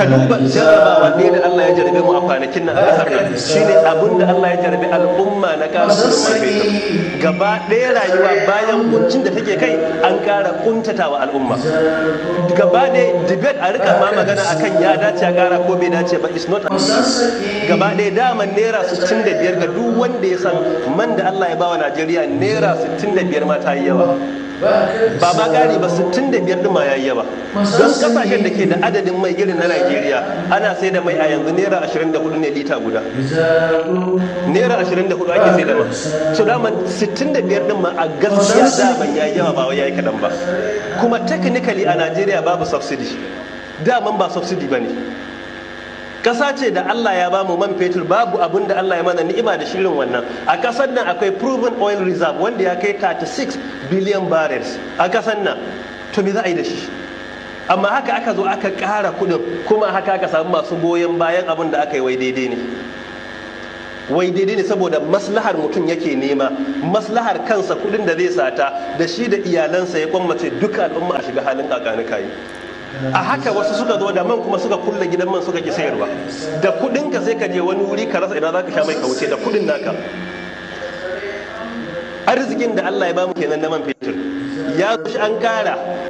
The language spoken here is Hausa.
ka duba jarraba da Allah ya jarabe mu a kwanakin nan a ƙasar nan shine abin da Allah ya jarabe al'umma na kasar mai gaba ɗaya rayuwa bayan kuncin da take kai an ƙara kuntatawa al'umma gaba ɗaya debate a rika ma magana akan ya dace a ƙara ko bai dace ba is not gaba ɗaya daman naira 65 ga duk wanda ya san man da Allah ya bawa Najeriya naira biyar ma ta yi yawa ba ba gari ba 65 din ma yayi ba don kasashen da ke da adadin mai irin na nigeria ana sai da mai a yanzu naira 24 ne lita guda naira 24 ake sai da ma so dama 65 din ma a gaskiya da ban yayi yawa ba ya yayi kadan ba kuma technically a nigeria babu subsidy daman ba subsidy ne. ƙasa ce da Allah ya ba mu man fetur babu abin da Allah ya mana ni'ima da shirin wannan a kasar nan akwai proven oil reserve wanda ya kai 36 billion barrels a kasar nan to me za a yi da shi amma haka aka zo aka ƙara kuɗin kuma haka aka samu masu goyon bayan abun da aka yi wai daidai ne wai daidai ne saboda maslahar mutum yake nema maslahar kansa kudin da zai sata da shi da iyalansa ya kwammace duka al'umma a shiga halin kakanika yi a haka wasu suka zo da man kuma suka kulle gidan man suka ki sayarwa da kudin ka sai ka je wani wuri ka rasa ina zaka sha mai kawuce da kudin naka arzikin da Allah ya bamu kenan na man fetur ya zo shi an kara